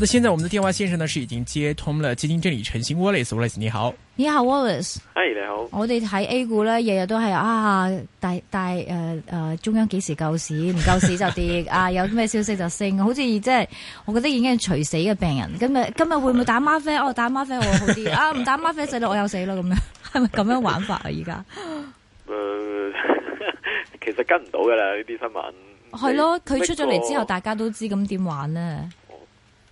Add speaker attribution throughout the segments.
Speaker 1: 那現在我們的電話線上呢，是已經接通了基金經理陳昕 Wallace，Wallace 你好，
Speaker 2: 你好 Wallace，h 嗨，你好，我哋睇 A 股咧，日日都係啊，大大誒誒、呃，中央幾時救市，唔救市就跌 啊，有咩消息就升，好似即係，我覺得已經係垂死嘅病人。今日今日會唔會打嗎啡？哦，打嗎啡好啲 啊，唔打嗎啡死咯，我又死咯咁樣，係咪咁樣玩法啊？而家，
Speaker 1: 其實跟唔到㗎喇呢啲新聞，係咯，佢出咗嚟之後，
Speaker 2: 大家都知道，咁點玩呢？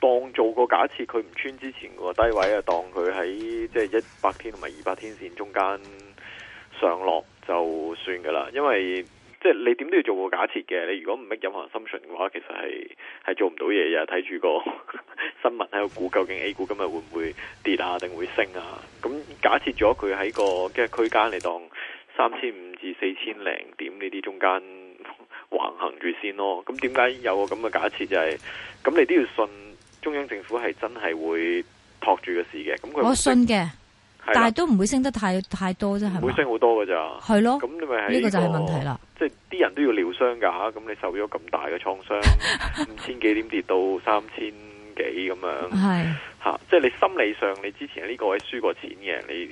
Speaker 1: 當做個假設，佢唔穿之前嘅低位啊，當佢喺即係一百天同埋二百天線中間上落就算噶啦，因為即係你點都要做個假設嘅。你如果唔 make 任何心信嘅話，其實係係做唔到嘢嘅。睇住個 新聞喺度估究竟 A 股今日會唔會跌啊，定會升啊？咁假設咗佢喺個即係區間嚟當三千五至四千零點呢啲中間橫行住先咯。咁點解有個咁嘅假設就係咁？你都要信。中央政府係真係會托住嘅事嘅，咁佢我信嘅，但係都
Speaker 2: 唔會升得太太多啫，係嘛？唔會
Speaker 1: 升好多噶咋？係咯？咁你咪係呢個就係問題啦。即係啲人都要療傷噶，咁你受咗咁大嘅創傷， 五千幾點跌到三千？幾咁樣係吓、啊，即係你心理上，你之前呢個位輸過錢嘅，你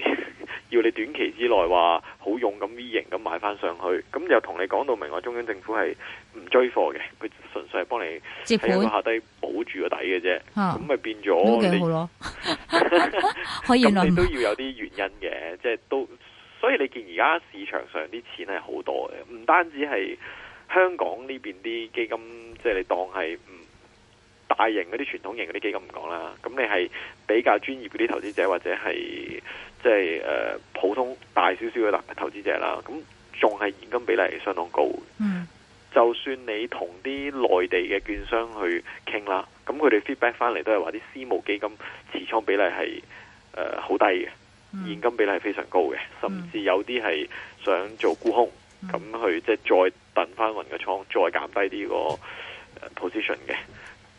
Speaker 1: 要你短期之內話好用咁 V 型咁買翻上去，咁又同你講到明，我中央政府係唔追貨嘅，佢純粹係幫你係有個下低保住個底嘅啫，咁咪、啊、變咗， 你幾好
Speaker 2: 咯。
Speaker 1: 可以都要有啲原因嘅，即係都，所以你見而家市場上啲錢係好多嘅，唔單止係香港呢邊啲基金，即係你當係唔。大型嗰啲傳統型嗰啲基金唔講啦，咁你係比較專業嗰啲投資者，或者係即係誒普通大少少嘅投資者啦。咁仲係現金比例相當高。嗯，就算你同啲內地嘅券商去傾啦，咁佢哋 feedback 翻嚟都係話啲私募基金持倉比例係誒好低嘅，嗯，現金比例係非常高嘅，甚至有啲係想做沽空，咁、嗯、去即係再等翻運個倉，再減低呢個 position 嘅。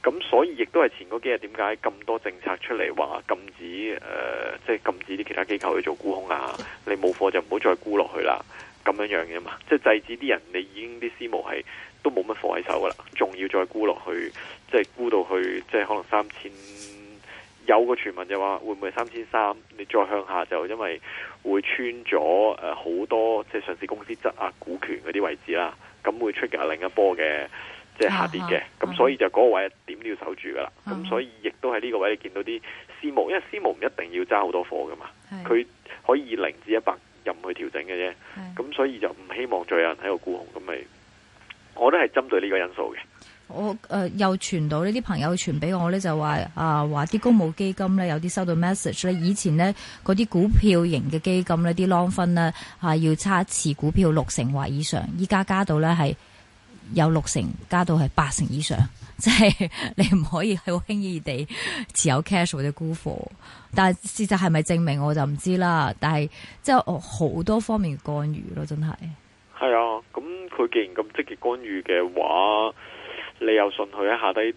Speaker 1: 咁所以亦都係前嗰幾日，點解咁多政策出嚟話禁止？誒、呃，即係禁止啲其他機構去做沽空啊！你冇貨就唔好再沽落去啦。咁樣樣嘅嘛，即係制止啲人。你已經啲私募係都冇乜貨喺手噶啦，仲要再沽落去，即係沽到去，即係可能三千。有個傳聞就話，會唔會三千三？你再向下就因為會穿咗誒好多，即係上市公司質押股權嗰啲位置啦，咁會出緊另一波嘅。即係下跌嘅，咁、啊、所以就嗰個位點都要守住噶啦。咁、啊、所以亦都喺呢個位，你見到啲私募，因為私募唔一定要揸好多貨噶嘛，佢可以零至一百任去調整嘅啫。咁所以就唔希望再有人喺度沽空。咁咪，我都係針對呢個因素嘅。
Speaker 2: 我誒、呃、又傳到呢啲朋友傳俾我咧，就話啊，話、呃、啲公募基金咧有啲收到 message 咧，以前呢，嗰啲股票型嘅基金呢，啲攞分呢，啊要差一次股票六成或以上，依家加到咧係。是有六成加到係八成以上，即係你唔可以好輕易地持有 cash 或者沽貨。但係事實係咪證明我就唔知啦。但係即係我好多方面嘅干預咯，真係。
Speaker 1: 係啊，咁佢既然咁積極干預嘅話，你又信佢喺下低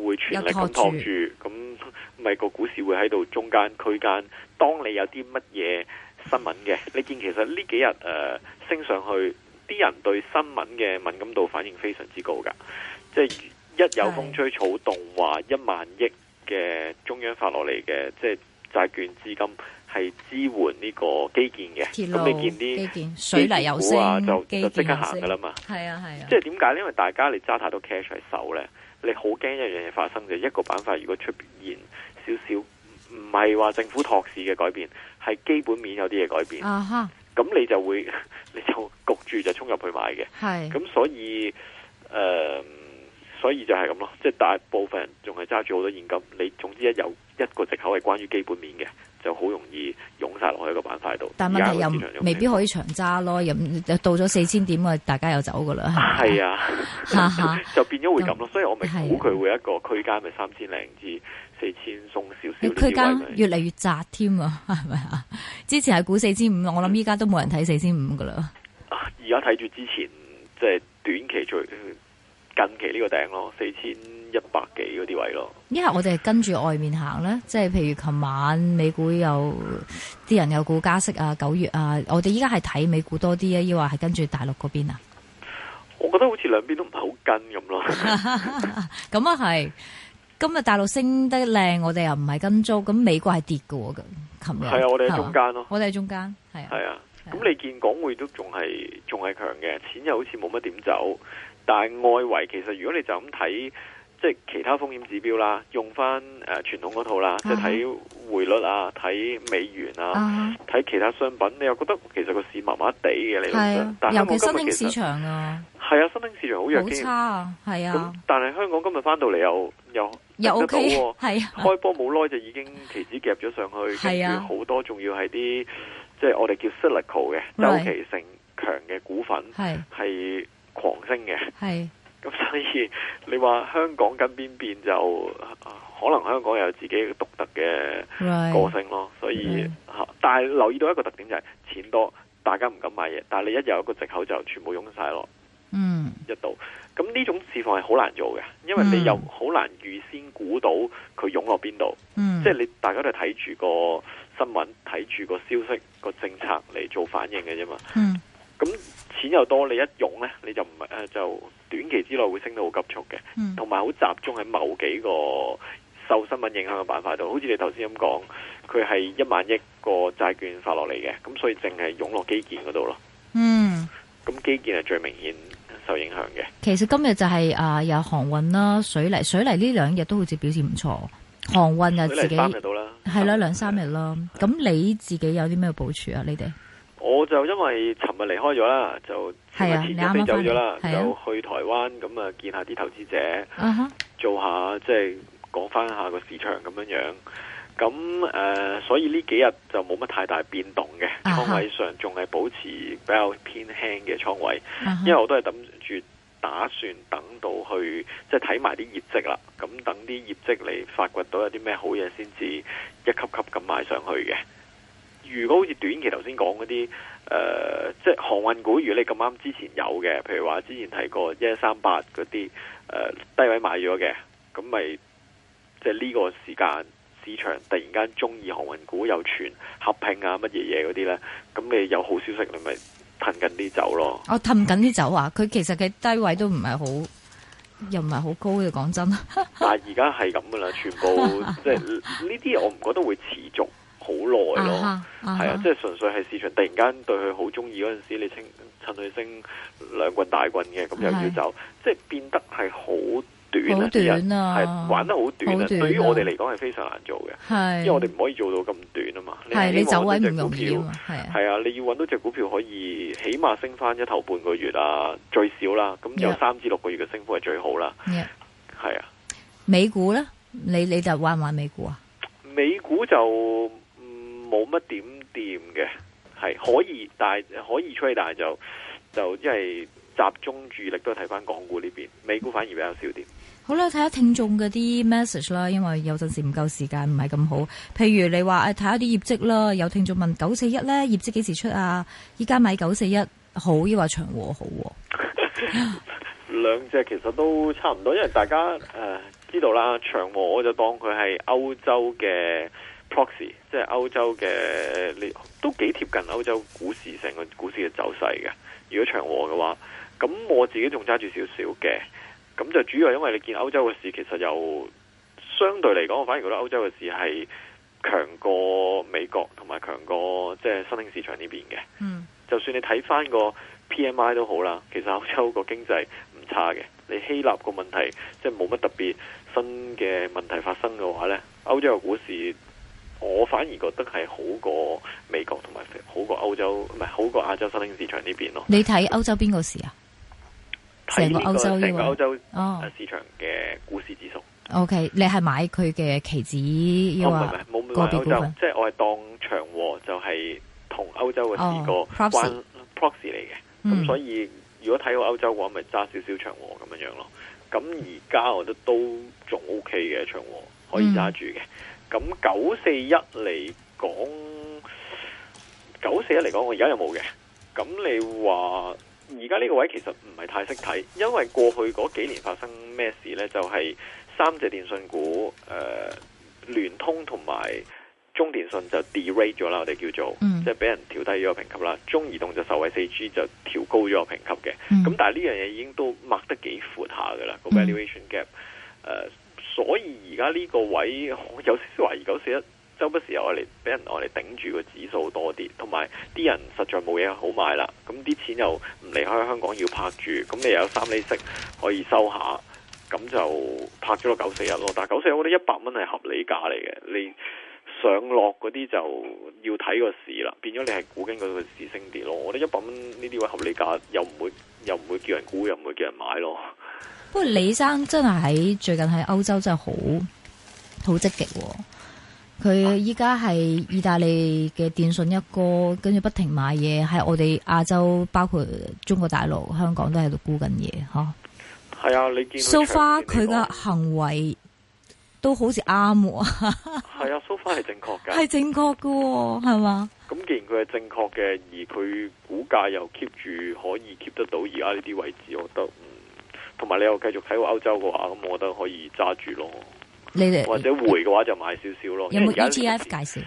Speaker 1: 會全力咁托住？咁咪個股市會喺度中間區間？當你有啲乜嘢新聞嘅，你見其實呢幾日誒、呃、升上去。啲人對新聞嘅敏感度反應非常之高噶，即係一有風吹草動，話一萬億嘅中央發落嚟嘅，即係債券資金係支援呢個基建嘅。咁你見啲水泥股啊，就即刻行噶啦嘛。
Speaker 2: 係
Speaker 1: 啊係啊。即係點解？因為大家你揸太多 cash 喺手咧，你好驚一樣嘢發生，就一個板塊如果出現少少，唔係話政府托市嘅改變，係基本面有啲嘢改變。啊哈咁你就會，你就焗住就衝入去買嘅。係，咁所以，誒、呃，所以就係咁咯。即係大部分人仲係揸住好多現金。你總之一有一個藉口係關於基本面嘅。就好容易湧晒落去一個板塊度，但問題又，又未
Speaker 2: 必可以長揸咯， 又到咗四千點啊，大家又走噶啦。
Speaker 1: 係啊，啊 就，就變咗會咁咯， 所以我咪估佢會一個區間3，咪三千零至四千鬆少少啲位。區間
Speaker 2: 越嚟越窄添啊！係咪啊？ 之前係估四千五，我諗依家都冇人睇四千五噶啦。
Speaker 1: 而家睇住之前即係、就是、短期最近期呢個頂咯，四千，一百幾嗰啲位咯，
Speaker 2: 依、yeah, 家我哋跟住外面行咧，即係譬如琴晚美股有啲人有股加息啊，九月啊，我哋依家係睇美股多啲啊，抑或係跟住大陸嗰邊啊，
Speaker 1: 我覺得好似兩邊都唔係好跟咁咯，
Speaker 2: 咁啊係，今日大陸升得靚，我哋又唔係跟租，咁美國係跌嘅，啊，
Speaker 1: 咁琴日係啊，我哋喺中間咯，我哋喺中間，係啊，係啊，咁、啊、你見港匯都仲係仲係強嘅，錢又好似冇乜點走，但係外圍其實如果你就咁睇。即係其他風險指標啦，用翻誒傳統嗰套啦，啊、即係睇匯率啊，睇美元啊，睇、啊、其他商品，你又覺得其實個市麻麻地嘅嚟，但係香港今日其，、啊、其實係啊，新興市場好弱，啲。係啊。咁、啊、但係香港今日翻到嚟，又又得得到喎、啊，係、OK, 啊。開波冇耐就已經期指夾咗上去，跟住好多仲要係啲即係我哋叫 cyclical 嘅周期性強嘅股份係係狂升嘅係。咁所以你話香港跟邊邊就可能香港有自己獨特嘅個性咯，right. 所以吓，okay. 但係留意到一個特點就係、是、錢多，大家唔敢買嘢，但係你一有一個藉口就全部湧晒咯，嗯、mm.，一度，咁呢種示範係好難做嘅，因為你又好難預先估到佢湧落邊度，mm. 即係你大家都睇住個新聞，睇住個消息、個政策嚟做反應嘅啫嘛，咁、mm. 錢又多，你一湧呢，你就唔係誒就。短期之內會升得好急速嘅，同埋好集中喺某幾個受新聞影響嘅板塊度，好似你頭先咁講，佢係一萬億個債券發落嚟嘅，咁所以淨係湧落基建嗰度咯。嗯，咁基建係最明顯受影響嘅。
Speaker 2: 其實今日就係、是、啊、呃，有航運啦、水泥、水泥呢兩日都好似表現唔錯。航運又自己係啦，兩三日啦。咁你自己有啲咩部署啊？你哋？
Speaker 1: 我就因為尋日離開咗啦，就前日前日飛走咗啦，就去台灣咁啊，見下啲投資者，uh -huh. 做下即係講翻下個市場咁樣樣。咁誒、呃，所以呢幾日就冇乜太大變動嘅，倉位上，uh -huh. 仲係保持比較偏輕嘅倉位，uh -huh. 因為我都係諗住打算等到去即係睇埋啲業績啦，咁等啲業績嚟發掘到有啲咩好嘢先至一級級咁買上去嘅。如果好似短期頭先講嗰啲，誒、呃，即係航運股，如果你咁啱之前有嘅，譬如話之前提過一三八嗰啲，誒、呃，低位買咗嘅，咁咪即係呢個時間市場突然間中意航運股，又傳合併啊，乜嘢嘢嗰啲咧，咁你有好消息你咪褪緊啲走咯。
Speaker 2: 哦，褪緊啲走啊！佢其實佢低位都唔係好，又唔係好高嘅，講真。
Speaker 1: 但係而家係咁噶啦， 全部即係呢啲我唔覺得會持續。好耐咯，係啊，啊，即係純粹係市場突然間對佢好中意嗰陣時候，你清趁佢升兩棍大棍嘅，咁又要走，是即係變得係好短，短啊，係玩得好短，短啊，對於我哋嚟講係非常難做嘅，因為我哋唔可以做到咁短啊嘛你，你走位唔咁妙，係啊，你要揾到隻股票可以起碼升翻一頭半個月啊，最少啦，咁有三至六個月嘅升幅係最好啦，係、yeah.
Speaker 2: 啊，美股咧，你你就玩唔玩美股啊？
Speaker 1: 美股就。冇乜點掂嘅，係可以，可以，但係可以吹，但係就就即係集中注意力都睇翻港股呢邊，美股反而比較少啲。
Speaker 2: 好啦，睇下聽眾嗰啲 message 啦，因為有陣時唔夠時間，唔係咁好。譬如你話誒睇下啲業績啦，有聽眾問九四一咧，業績幾時出啊？依家買九四一好，抑或長和好、啊？
Speaker 1: 兩 隻 其實都差唔多，因為大家誒、呃、知道啦，長和我就當佢係歐洲嘅。Proxy 即係歐洲嘅，你都幾貼近歐洲股市成個股市嘅走勢嘅。如果長和嘅話，咁我自己仲揸住少少嘅。咁就主要係因為你見歐洲嘅市，其實又相對嚟講，我反而覺得歐洲嘅市係強過美國，同埋強過即係、就是、新興市場呢邊嘅。嗯，就算你睇翻個 PMI 都好啦，其實歐洲個經濟唔差嘅。你希臘個問題即係冇乜特別新嘅問題發生嘅話呢，歐洲嘅股市。我反而覺得係好過美國同埋好過歐洲，唔係好過亞洲新興市場呢邊咯。你睇
Speaker 2: 歐洲邊個市啊？成
Speaker 1: 個歐洲，成個歐洲市場嘅股市指數。
Speaker 2: 哦、o、okay. K，你係買佢嘅期指要啊？冇冇個別股份，沒沒沒沒
Speaker 1: 即係我係當長和就係同歐洲嘅四個關係、哦、proxy 嚟嘅。咁、嗯、所以如果睇好歐洲嘅話，咪揸少少長和咁樣樣咯。咁而家我覺得都仲 O K 嘅長和。可以揸住嘅，咁九四一嚟講，九四一嚟講，我而家又冇嘅。咁你話而家呢個位其實唔係太識睇，因為過去嗰幾年發生咩事呢？就係、是、三隻電信股，誒、呃，聯通同埋中電信就 derate 咗啦，我哋叫做，即係俾人調低咗個評級啦。中移動就受惠四 G 就調高咗、嗯、個評級嘅。咁但係呢樣嘢已經都擘得幾闊下噶啦，嗯，那個 valuation gap，、呃所以而家呢個位我有少少懷疑九四一，周不時又嚟俾人嚟頂住個指數多啲，同埋啲人實在冇嘢好買啦，咁啲錢又唔離開香港要拍住，咁你又有三厘息可以收下，咁就拍咗個九四一咯。1，但係九四一我覺得一百蚊係合理價嚟嘅，你上落嗰啲就要睇個市啦。變咗你係估緊個市升跌咯。我覺得一百蚊呢啲位合理價又，又唔會又唔會叫人估，又唔會叫人買咯。
Speaker 2: 不過李生真係喺最近喺歐洲真係好好積極，佢依家係意大利嘅電訊一哥，跟住不停買嘢，喺我哋亞洲包括中國大陸、香港都喺度沽緊嘢，吓、
Speaker 1: 啊。係啊，你見 so far 佢嘅
Speaker 2: 行為都好似啱、哦，
Speaker 1: 係 啊，so far 係正確嘅，係 正確嘅，哦，係嘛？咁既然佢係正確嘅，而佢股價又 keep 住可以 keep 得到而家呢啲位置，我覺得。同埋你又繼續睇過歐洲嘅話，咁我覺得可以揸住咯。
Speaker 2: 你哋或
Speaker 1: 者回嘅話就買少少咯。有冇 ETF 介紹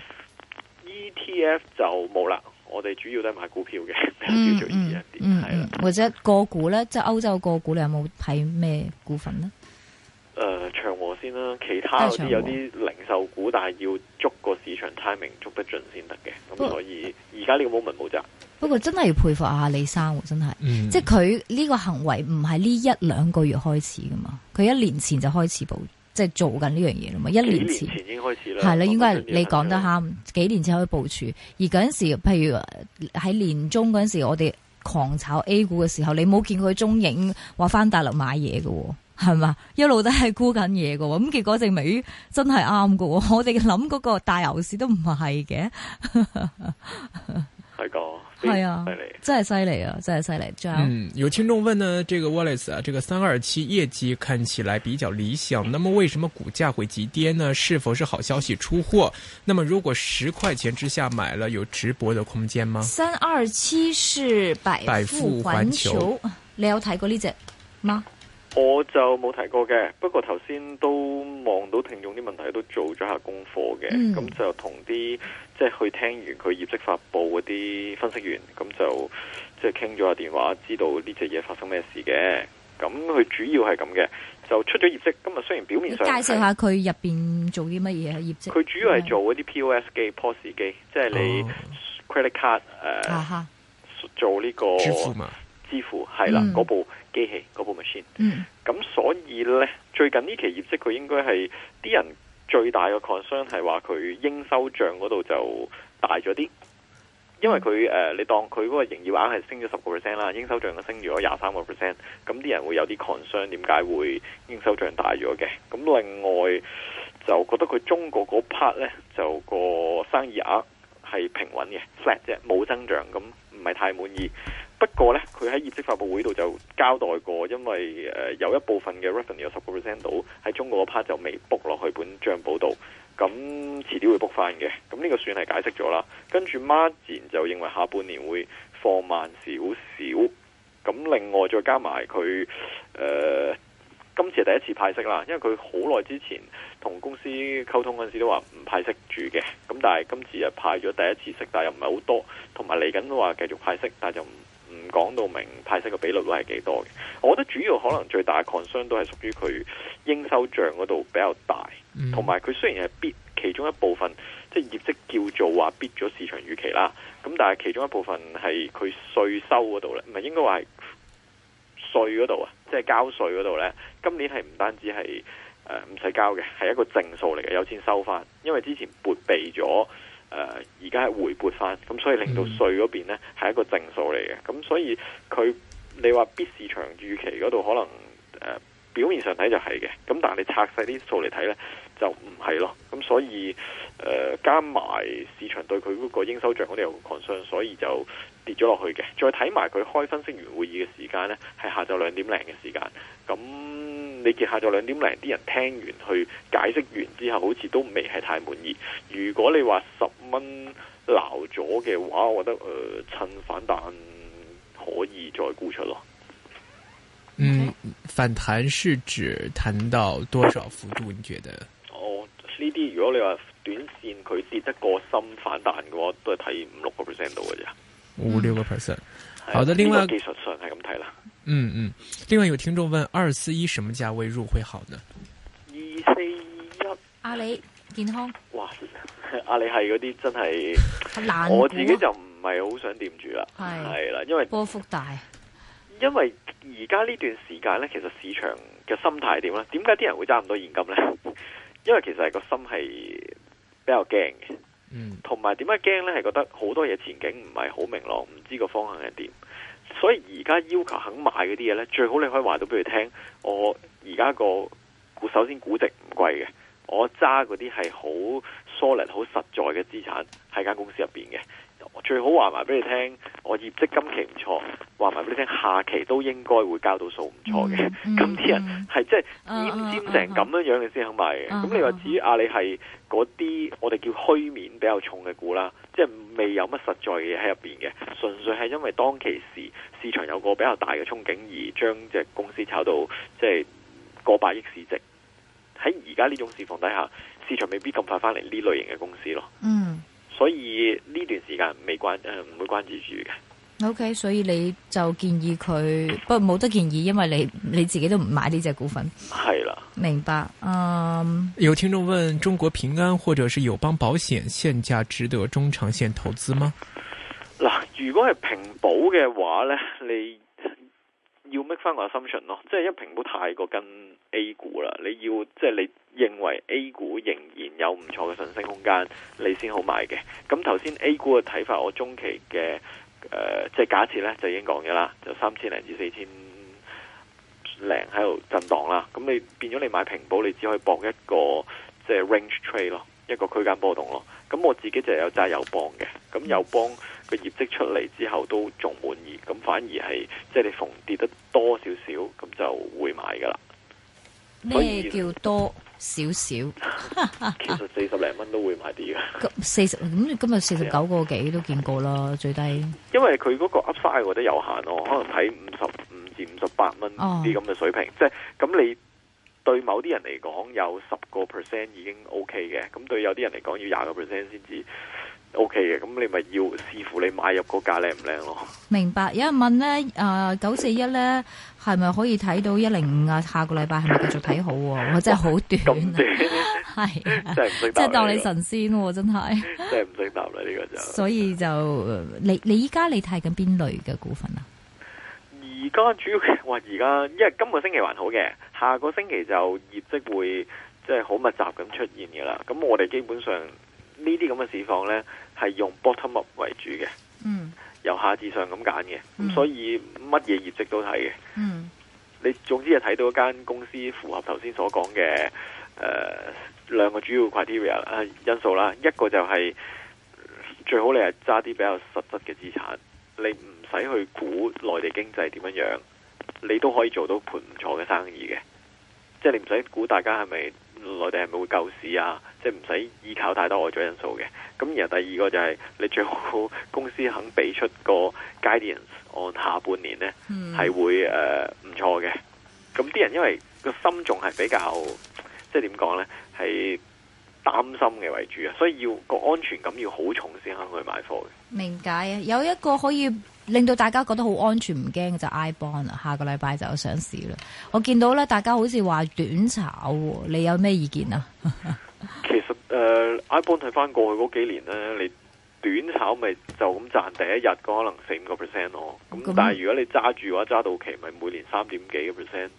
Speaker 1: ？ETF 就冇啦，我哋主要都係買股票嘅，比
Speaker 2: 較專業啲。係、嗯、啦、嗯嗯嗯，或者個股咧，即、就、係、是、歐洲個股，你有冇睇咩股份咧？
Speaker 1: 其他有啲零售股，但係要捉個市場 timing，捉得盡先得嘅。咁所以而家呢個 moment 冇責。
Speaker 2: 不過真係要佩服阿李生，真係、嗯，即係佢呢個行為唔係呢一兩個月開始噶嘛，佢一年前就開始部，即係做緊呢樣嘢啦嘛。一年前已經開始啦。係啦，應該係你講得啱，幾年前可以部署，而嗰陣時，譬如喺年中嗰陣時，我哋狂炒 A 股嘅時候，你冇見佢蹤影，話翻大陸買嘢嘅。係嘛，一路都係估緊嘢嘅，咁結果證明真係啱嘅。我哋諗嗰個大牛市都唔係嘅，係個係啊，真係犀利啊，真係犀利。嗯，
Speaker 1: 有聽眾問呢，這個 Wallace 啊，這個三二七業績看起來比較理想，那麼為什麼股價會急跌呢？是否是好消息出貨？那麼如果十塊錢之下買了，有直播的空間嗎？
Speaker 2: 三二七是百富環球，環球你有睇過呢隻嗎？
Speaker 1: 我就冇提過嘅，不過頭先都望到聽眾啲問題，都做咗下功課嘅，咁、嗯、就同啲即係去聽完佢業績發布嗰啲分析員，咁就即係傾咗下電話，知道呢隻嘢發生咩事嘅。咁佢主要係咁嘅，就出咗業績。今日雖然表面上，介紹下
Speaker 2: 佢入邊做啲乜嘢嘅業績。佢主
Speaker 1: 要係做嗰啲 POS 機、POS 機，即係、就是、你 credit card 誒，做呢、這個。支付係啦，嗰部機器嗰部 machine，咁所以呢，最近呢期業績佢應該係啲人最大嘅 concern 係話佢應收賬嗰度就大咗啲，因為佢誒、呃，你當佢嗰個營業額係升咗十個 percent 啦，應收賬就升咗廿三個 percent，咁啲人會有啲 concern，點解會應收賬大咗嘅？咁另外就覺得佢中國嗰 part 呢，就個生意額係平穩嘅 flat 啫，冇增長，咁唔係太滿意。不過呢，佢喺業績發佈會度就交代過，因為、呃、有一部分嘅 Revenue 有十個 percent 到喺中國個 part 就未 book 落去本賬簿度，咁遲啲會 book 翻嘅。咁呢個算係解釋咗啦。跟住 Mar 自然就認為下半年會放慢少少。咁另外再加埋佢誒今次係第一次派息啦，因為佢好耐之前同公司溝通嗰陣時都話唔派息住嘅。咁但係今次又派咗第一次息，但又唔係好多。同埋嚟緊都話繼續派息，但係就唔，講到明派息嘅比率會係幾多嘅，我覺得主要可能最大嘅 concern 都係屬於佢應收賬嗰度比較大，同埋佢雖然係必其中一部分，即係業績叫做話必咗市場預期啦，咁但係其中一部分係佢稅收嗰度咧，唔係應該話係稅嗰度啊，即係交稅嗰度咧，今年係唔單止係誒唔使交嘅，係一個正數嚟嘅，有錢收翻，因為之前撥備咗。誒而家係回撥翻，咁所以令到稅嗰邊呢係一個正數嚟嘅，咁所以佢你話必市場預期嗰度可能、呃、表面上睇就係嘅，咁但係你拆曬啲數嚟睇呢，就唔係咯，咁所以誒、呃、加埋市場對佢嗰個應收賬，我哋有 concern，所以就跌咗落去嘅。再睇埋佢開分析員會議嘅時間呢，係下晝兩點零嘅時間咁。你接下嚟兩點零啲人聽完去解釋完之後，好似都未係太滿意。如果你話十蚊撈咗嘅話，我覺得誒、呃，趁反彈可以再沽出咯。嗯，反彈是指彈到多少幅度？你覺得？哦，呢啲如果你話短線佢跌得過深反彈嘅話，都係睇五六個 percent 度嘅啫。
Speaker 2: 五六個
Speaker 1: percent。好的，另外技術上係咁睇啦。嗯嗯，另外有聽眾問二四一什麼價位入會好呢？二四一，阿、啊、里健康。哇，阿里係嗰啲真係， 我自己就唔係好想掂住啦，係 啦，因為波幅大。因為而家呢段時間呢，其實市場嘅心態點呢？點解啲人會揸咁多現金呢？ 因為其實係個心係比較驚嘅，同埋點解驚呢？係覺得好多嘢前景唔係好明朗，唔知個方向係點。所以而家要求肯買嗰啲嘢呢，最好你可以話到俾佢聽，我而家個首先估值唔貴嘅，我揸嗰啲係好 solid、好實在嘅資產喺間公司入邊嘅。我最好話埋俾你聽，我業績今期唔錯，話埋俾你聽，下期都應該會交到數唔錯嘅。咁、嗯、啲、嗯、人係即係癲成咁樣樣、嗯嗯嗯啊，你先肯買嘅。咁你話至於阿里係？嗰啲我哋叫虛面比較重嘅股啦，即係未有乜實在嘅嘢喺入邊嘅，純粹係因為當其時市場有個比較大嘅憧憬，而將隻公司炒到即係過百億市值。喺而家呢種市況底下，市場未必咁快翻嚟呢類型嘅公司咯。嗯，所以呢段時間未關誒唔會關注住嘅。
Speaker 2: O、okay, K，所以你就建議佢，不過冇得建議，因為你你自己都唔買呢隻股份。係啦，明白。嗯、
Speaker 1: um,。有聽眾問：中國平安或者是友邦保險現價值得中長線投資嗎？嗱，如果係平保嘅話咧，你要 make 翻個 assumption 咯，即係一平保太過跟 A 股啦，你要即係、就是、你認為 A 股仍然有唔錯嘅上升空間，你先好買嘅。咁頭先 A 股嘅睇法，我中期嘅。誒、呃，即係假設咧，就已經講嘅啦，就三千零至四千零喺度震盪啦。咁你變咗你買平保，你只可以搏一個即係 range trade 咯，一個區間波動咯。咁我自己就有揸友邦嘅，咁友邦個業績出嚟之後都仲滿意，咁反而係即係你逢跌得多少少，咁就會買噶啦。
Speaker 2: 咩叫多？少少，
Speaker 1: 其實四十零蚊都會買啲嘅，啊。啊啊、
Speaker 2: 四十咁，今日四十九個幾都見過啦，最低。
Speaker 1: 因為佢嗰個 upside 嗰啲有限咯，可能睇五十五至五十八蚊啲咁嘅水平。哦、即係咁，你對某啲人嚟講有十個 percent 已經 OK 嘅。咁對有啲人嚟講要廿個 percent 先至。OK 嘅，咁你咪要視乎你買入個價靚唔靚咯。
Speaker 2: 明白，有人問咧，誒、呃，九四一咧係咪可以睇到一零五啊？下個禮拜係咪繼續睇好、啊？我 真係好短，、啊、短，係、 啊、真係唔識答，即係當你神仙真、啊、係，真係唔識答啦呢個就。所以就你你依家你睇緊邊類嘅股份啊？
Speaker 1: 而家主要話而家，因為今個星期還好嘅，下個星期就業績會即係好密集咁出現嘅啦。咁我哋基本上。呢啲咁嘅市況呢，係用 bottom up 為主嘅，嗯，由下至上咁揀嘅，咁、嗯、所以乜嘢業績都睇嘅，嗯。你總之係睇到一間公司符合頭先所講嘅誒兩個主要 criteria 因素啦，一個就係、是，最好你係揸啲比較實質嘅資產，你唔使去估內地經濟點樣樣，你都可以做到盤唔錯嘅生意嘅。即、就、係、是、你唔使估大家係咪內地係咪會救市啊？即係唔使依靠太多外在因素嘅，咁而第二個就係、是、你最好公司肯俾出個 guidance 按下半年咧，係、嗯、會誒唔錯嘅。咁、呃、啲人因為個心仲係比較即係點講咧，係擔心嘅為主啊，所以要個安全感要好重先肯去買貨嘅。
Speaker 2: 明解啊，有一個可以令到大家覺得好安全唔驚嘅就是、iBond 啊，下個禮拜就上市啦。我見到咧，大家好似話短炒，你有咩意見啊？
Speaker 1: 其實誒、呃、，I bond 睇翻過去嗰幾年咧，你短炒咪就咁賺第一日嗰可能四五個 percent 咯。咁但係如果你揸住嘅話，揸到期咪每年三點幾個 percent，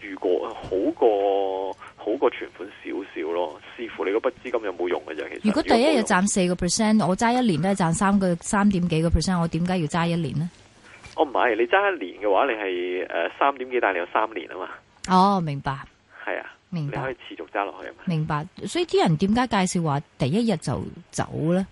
Speaker 1: 如果好過好過存款少少咯。視乎你嗰筆資金有冇用嘅啫。其實如果第一日
Speaker 2: 賺四個 percent，我揸一年都係賺三個三點幾個 percent，我點解要揸一年呢？
Speaker 1: 哦，唔係你揸一年嘅話，你係誒三點幾，但、呃、係你有三年啊嘛。
Speaker 2: 哦，明白。
Speaker 1: 係啊。你可以持續揸落
Speaker 2: 去。明白，所以啲人點解介紹話第一日就走呢？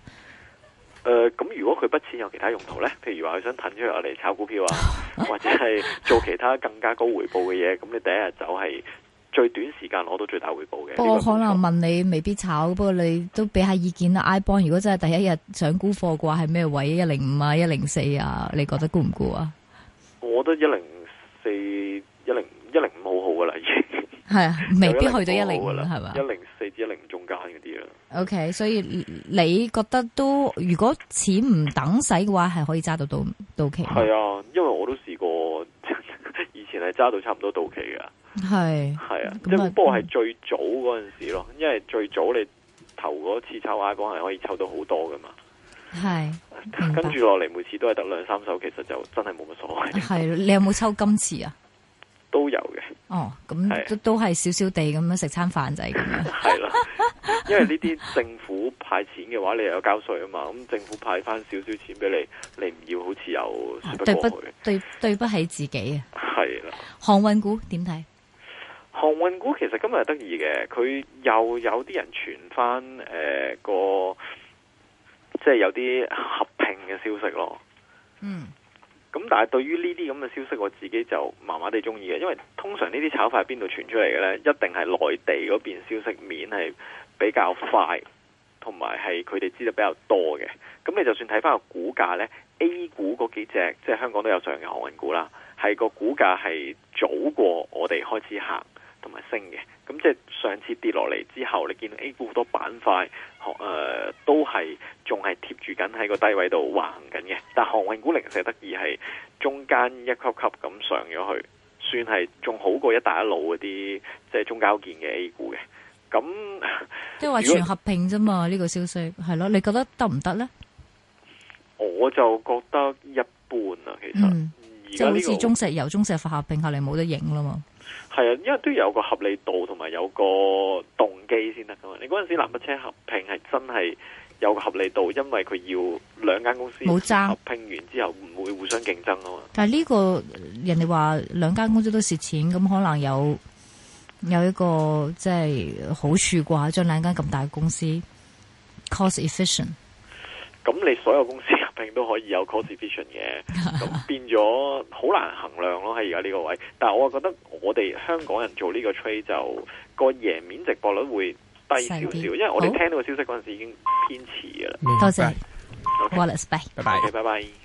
Speaker 2: 誒、
Speaker 1: 呃，咁如果佢筆錢有其他用途呢？譬如話佢想抌出嚟炒股票啊， 或者係做其他更加高回報嘅嘢，咁你第一日走係最短時間攞到最大回報嘅。我可
Speaker 2: 能問你未必炒，不過你都俾下意見啊。iBond，如果真係第一日想沽貨嘅話，係咩位置？一零五啊，一零四啊，你覺得估唔估啊？
Speaker 1: 我覺得一零四、一零一零五
Speaker 2: 係啊，未必去到一零五，係嘛？一
Speaker 1: 零四至一零五中間嗰啲啦。
Speaker 2: O K，所以你覺得都如果錢唔等使嘅話，係可以揸到到到期嗎？係
Speaker 1: 啊，因為我都試過， 以前係揸到差唔多到期嘅。係係啊，即、嗯、係、就是、不過係最早嗰陣時咯，因為最早你頭嗰次抽下波係可以抽到好多噶嘛。
Speaker 2: 係。
Speaker 1: 跟住落嚟，每次都係得兩三手，其實就真係冇乜所謂。
Speaker 2: 係、啊，你有冇抽今次啊？都有嘅，哦，咁都是都係少少地咁樣食餐飯仔。係啦，
Speaker 1: 因為呢啲政府派錢嘅話，你又有交稅啊嘛，咁 政府派翻少少錢俾你，你唔要好似又對不？
Speaker 2: 對對不起自己啊，係啦。航運股點睇？
Speaker 1: 航運股其實今日係得意嘅，佢又有啲人傳翻誒個，即係有啲合併嘅消息咯。嗯。咁但係對於呢啲咁嘅消息，我自己就麻麻地鍾意嘅，因為通常呢啲炒法喺邊度傳出嚟嘅呢？一定係內地嗰邊消息面係比較快，同埋係佢哋知道比較多嘅。咁你就算睇返個股價呢，A 股嗰幾隻，即係香港都有上嘅航運股啦，係個股價係早過我哋開始行。同埋升嘅，咁即係上次跌落嚟之後，你見到 A 股好多板塊，誒、呃、都係仲係貼住緊喺個低位度橫緊嘅。但航運股零舍得意係中間一級級咁上咗去，算係仲好過一帶一路嗰啲即係中交建嘅 A 股嘅。咁
Speaker 2: 即係話全合併啫嘛？呢 個消息係咯，你覺得得唔得呢？
Speaker 1: 我就覺得一般啊，其實即係、嗯這個、好似
Speaker 2: 中石油、中石化合併後嚟冇得影啦嘛。.
Speaker 1: 係啊，因為都有個合理度同埋有個動機先得噶嘛。你嗰陣時南北車合併係真係有個合理度，因為佢要兩間公司冇爭，合併完之後唔會互相競爭啊嘛。
Speaker 2: 但係、這、呢個人哋話兩間公司都蝕錢，咁可能有有一個即係、就是、好處啩，將兩間咁大嘅公司 cost efficient。
Speaker 1: 咁你所有公司？並都可以有 coservation 嘅，咁變咗好難衡量咯。喺而家呢個位，但係我又覺得我哋香港人做呢個 trade 就個贏面值博率會低少少，因為我哋聽到消息嗰陣時已經偏遲嘅啦。
Speaker 2: 多、嗯、謝，謝。拜拜，
Speaker 1: 拜拜。